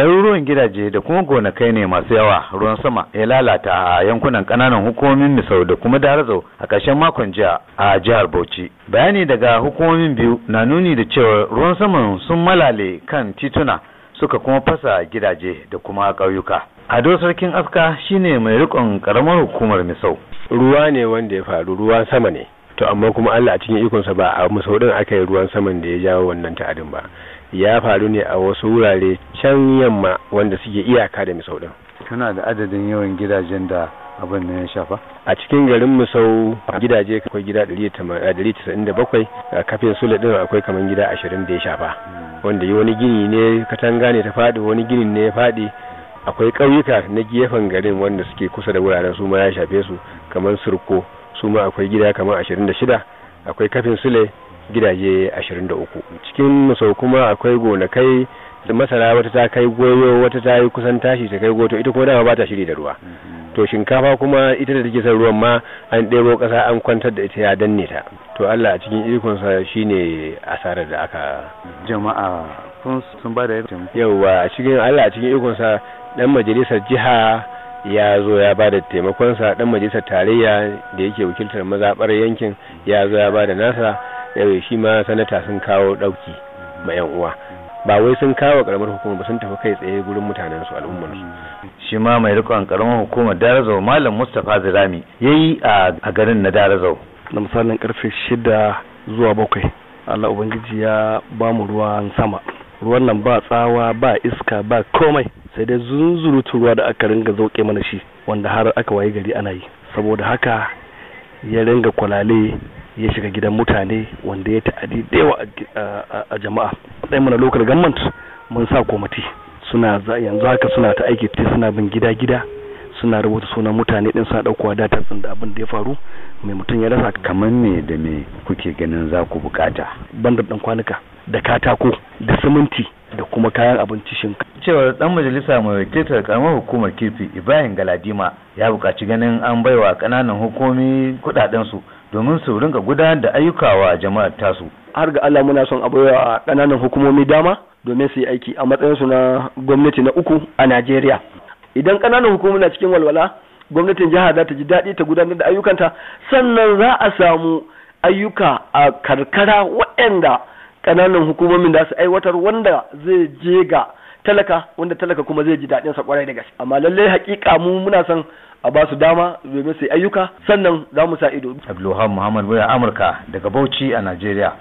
ɗaruruwan gidaje da kuma gonakai ne masu yawa ruwan sama ya lalata a yankunan ƙananan hukumomin misau da kuma darazau a ƙarshen makon jiya a jihar bauchi bayani daga hukumomin biyu na nuni da cewa ruwan saman sun malale kan tituna suka kuma fasa gidaje da kuma ƙauyuka ado sarkin aska shine mai riƙon ƙaramar hukumar misau ruwa ne wanda ya faru ruwan sama ne to amma kuma Allah a cikin ikonsa ba a musaudin aka yi ruwan saman da ya jawo wannan ta'adin ba ya faru ne a wasu wurare can yamma wanda suke iyaka da misaudin kuna da adadin yawan gidajen da abin ya shafa a cikin garin musau gidaje akwai gida 197 a kafin sule din akwai kamar gida 20 da ya shafa hmm. wanda yi wani gini ne katanga ne ta faɗi wani gini ne ya faɗi akwai ƙauyuka na gefen garin wanda suke kusa da wuraren su ma ya shafe su kamar surko su ma akwai gida kamar shida akwai kafin sule gidaje ashirin da uku cikin sau kuma akwai gonakai da masara wata ta kai goyo wata ta yi kusan tashi ta kai goto ita kuma dama ba ta shiri da ruwa mm-hmm. to shinkafa kuma ita da take son ruwan ma an ɗebo ƙasa an kwantar da ita ya danne ta to Allah a cikin ikonsa shine asarar da aka jama'a sun ba da yawa a cikin Allah a cikin ikonsa dan majalisar jiha ya zo ya ba da taimakon sa dan majalisar tarayya da yake wakiltar mazabar yankin ya zo ya ba da nasa da shi ma sanata sun kawo dauki ma yan uwa ba wai sun kawo karamar hukumar ba sun tafi kai tsaye gurin mutanen su al'ummar su shi ma mai rikon karamar hukumar darazau malam mustafa zirami yayi a garin na darazau na misalin karfe shida zuwa bakwai allah ubangiji ya ba mu ruwan sama ruwan nan ba tsawa ba iska ba komai sai dai zunzurutu ruwa da aka ringa zauke mana shi wanda har aka waye gari ana yi saboda haka ya ringa kwalale ya shiga gidan mutane wanda ya ta'adi da yawa a jama'a ɗaya mana local government mun sa komati suna yanzu haka suna ta aiki suna bin gida gida suna rubuta sunan mutane din suna daukowa data sun da abin da ya faru mai mutum ya rasa kamar me da me kuke ganin za ku bukata bandar dan kwanuka da katako da siminti da kuma kayan abinci shinkafa. cewar dan majalisa mai wakiltar karamar hukumar kirfi ibrahim galadima ya buƙaci ganin an baiwa ƙananan hukumi kuɗaɗen su domin su rinka gudanar da ayyuka wa jama'ar tasu har ga Allah muna son a baiwa ƙananan hukumomi dama domin su yi aiki a matsayinsu na gwamnati na uku a Najeriya idan ƙananan hukumomi na cikin walwala gwamnatin jiha za ta ji daɗi ta gudanar da ayyukanta sannan za a samu ayyuka a karkara waɗanda ƙananan hukumomin da su aiwatar wanda zai je ga talaka wanda talaka kuma zai ji daɗin sa kwarai da gaske amma lallai hakika mu muna son a ba su dama domin su ayyuka sannan za mu sa ido Abdulhamid Muhammad Boya Amurka daga Bauchi a Najeriya